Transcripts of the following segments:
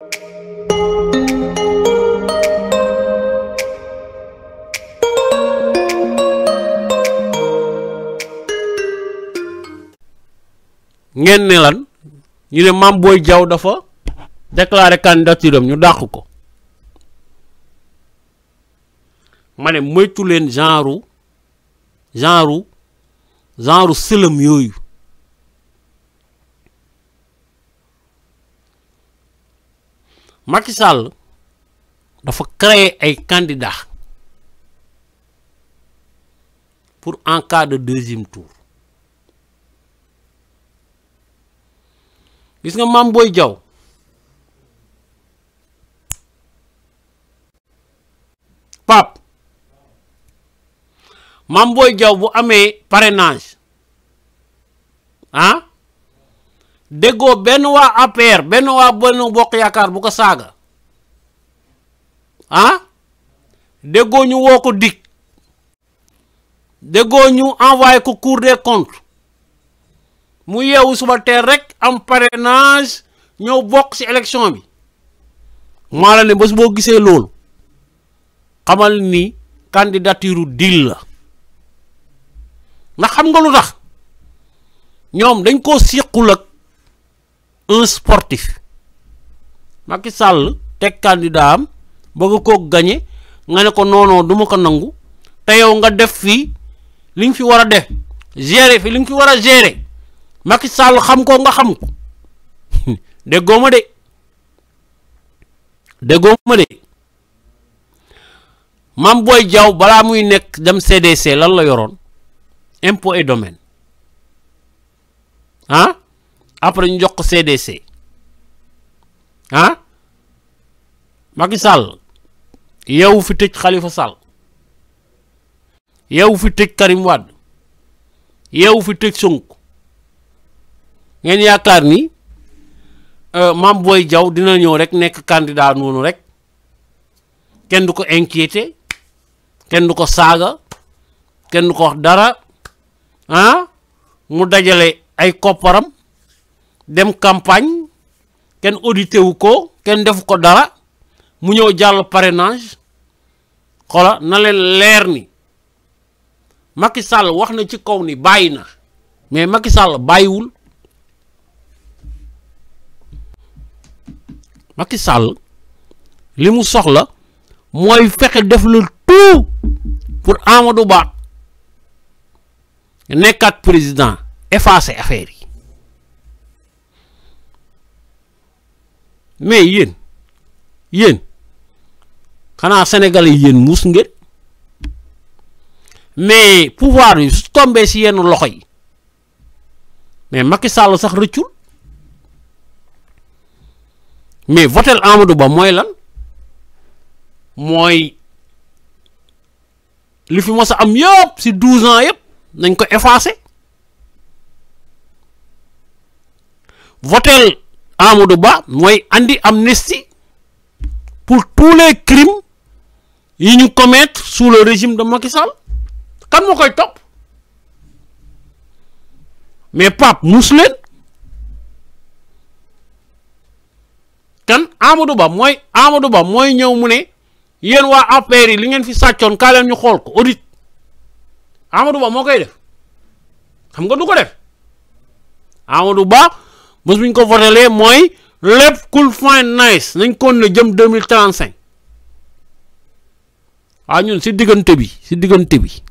ngeen ne lan ñu ne Mame Boye Diao dafa déclaré candidature ñu dàq ko ma ne moytu leen genre genre genre sëlëm yooyu Macky dafa créer ay candidats pour en cas de deuxième tour gis nga Mame Boye Diao Pape Mame Boye bu amee parrainage ah dego ben wa APR ben wa Benno bok yakar bu ko saga ah dego ñu woko dik dego ñu envoyer ko Cour des comptes mu yewu suba ter rek am parrainage ñëw bok ci election bi ma la ne bo bo gisee loolu xamal ni candidature dil la xam nga lutax ñom dañ ko siqul ak un sportif Macky sàll teg candidat am bëgg koo gañe nga ne ko noonoo duma ko nangu te yow nga def fii li nga fi war a def gérer fi li nga fi war a gérer Macky Sall xam ko nga xam ko déggoo ma de déggoo ma de Mame Boye balaa muy nekk dem CDC lan la yoroon impôt et domaine ah après ñu jox ko CDC ah Macky Sall yow fi tëj Khalifa Sall yow fi Karim Wade yow fi tëj sunk ngeen yaakaar ni euh, Mame booy Diaw dina ñëw rek nekk candidat noonu rek kenn du ko inquiété kenn du ko saaga kenn du ko dara ah mu dajale ay kopparam dem campagne ken audité wu ko ken defu ko dara mu ñëw jall parrainage xola na leen leer ni Macky Sall wax na ci kaw ni bayina na mais Macky Sall bayiwul Macky Sall limu soxla moy fexé def le tout pour Amadou Ba nekkat président effacer affaire yi mais yéen yéen xanaa sénégalais yéen muus ngeen mais pouvoir bi su tombee si yenn loxo yi mais Macky Sall sax rëccul mais votel Amadou Ba mooy lan mooy li fi mos a am yëpp si douze ans yëpp nañ ko effacé votel amadou ba moy andi amnistie pour tous les crimes yi ñu commettre sous le régime de Macky Sall kan mo koy top mais Pape muus kan amadou ba moy amadou ba moy ñew mu ne yeen wa affaire yi li ngeen fi saccion ka leen ñu xol ko audit amadou ba mo koy def xam nga du ko def amadou ba bés bu ñu ko votelee mooy lépp cool fine nice nañ kon ne jëm deux mille trente cinq waaw ah, ñun si diggante bi si diggante bi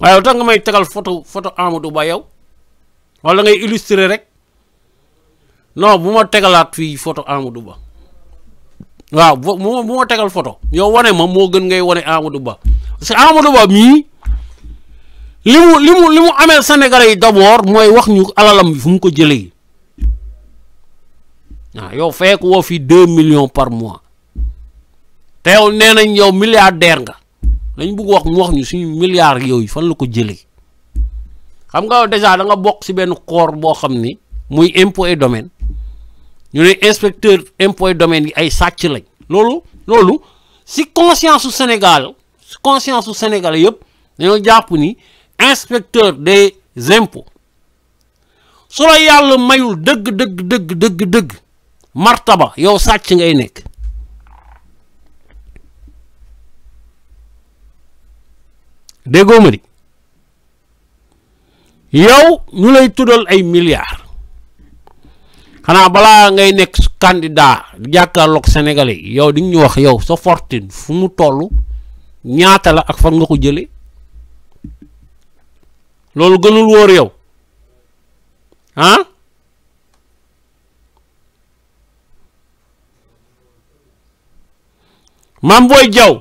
waaye lu nga may tegal photo photo Amadou Ba yow wala ngay illustrer rek non bu ma tegalaat fii photo Amadou Ba waaw bu ma tegal photo yow wane ma moo gën ngay wane Amadou Ba parce mii. limu limu limu amel sénégalais yi d'abord moy wax ñu alalam fu mu ko jëlé na ah, yo fek wo fi 2 millions par mois téw nénañ yow milliardaire nga lañ bëgg wax mu wax ñu suñu milliard yoy fan la ko jëlé xam nga déjà da nga bok ci ben koor bo xamni muy impôt et domaine ñu né inspecteur impôt et domaine yi ay sacc lañ lolu lolu ci conscience au sénégal conscience au sénégal yépp dañu japp ni inspecteur des impôts su la mayul deug deug deug deug deug martaba yow sàcc ngay nek déggoo ma di yow ñu lay tudal ay milliards xana bala ngay nek candidat jakarlok sénégalais yow di ñu wax yow sa fortune fu mu tollu ñaata la ak fa nga ko jëlé loolu gënul wóor yow ah Mame Boye Diao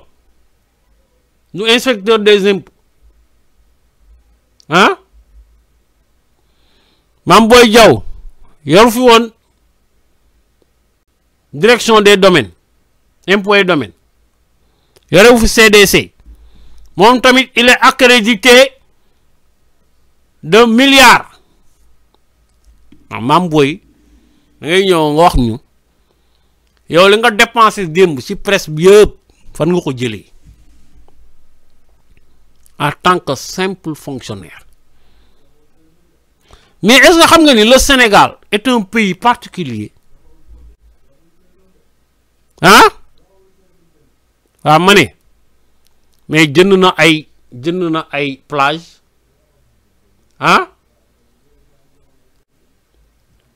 nu de des impôts ah Mame Boye Diao fi woon direction des domaines impôts et domaines yorewu fi CDC moom tamit il est de milliards waaw maam booy da ñëw nga wax ñu yow li nga dépensé démb ci presse bi yëpp fan nga ko jëlee en tant que simple fonctionnaire mais est-ce xam nga ni le Sénégal et un pays particulier ah waaw ma ne mais jënd na ay jënd na ay plage ah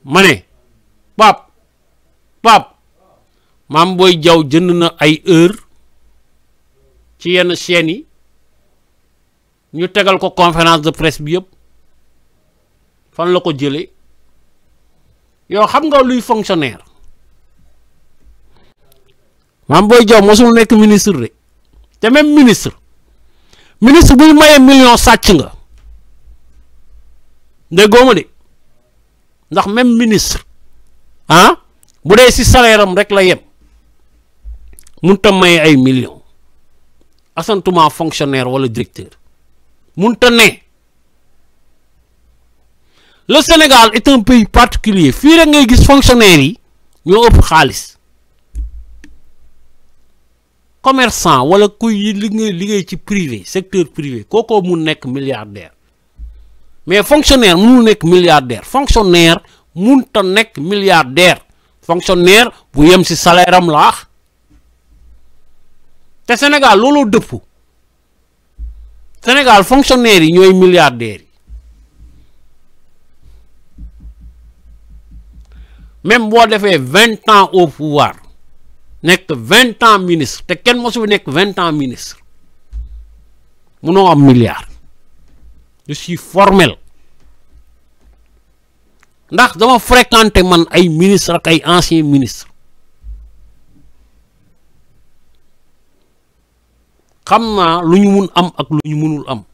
mane ne pap maam booy jaw jënd na ay heure ci yenn chaîne yi ñu tegal ko conférence de presse bi yëpp fan la ko jëlee yow xam nga luy fonctionnaire maam booy jaw mosul nekk ministre de te même ministre ministre buy maye million sàcc nga déggoo ma de ndax même ministre ah bu dee si salaire rek la yem mun tam may ay millions asantuma fonctionnaire wala directeur mënut ta ne le Sénégal est un pays particulier fii rek ngay gis fonctionnaire yi ñoo ëpp xaalis commerçant wala kuy liggéey liggéey ci privé secteur privé kookoo mun nekk milliardaire. Mais fonctionnaire, nous sommes milliardaire. Fonctionnaire, nous milliardaires milliardaire. Fonctionnaire, vous avez ce salaire là. Le Sénégal, c'est le milliardaires Le Sénégal, fonctionnaire, sont milliardaire. Même si vous avez 20 ans au pouvoir, nek 20 ans ministre, et quel est 20 ans ministre? Nous avons un milliard. je suis formel ndax dama fréquenté man ay ministre ak ay ancien ministre xam naa lu ñu mun am ak lu ñu mënul am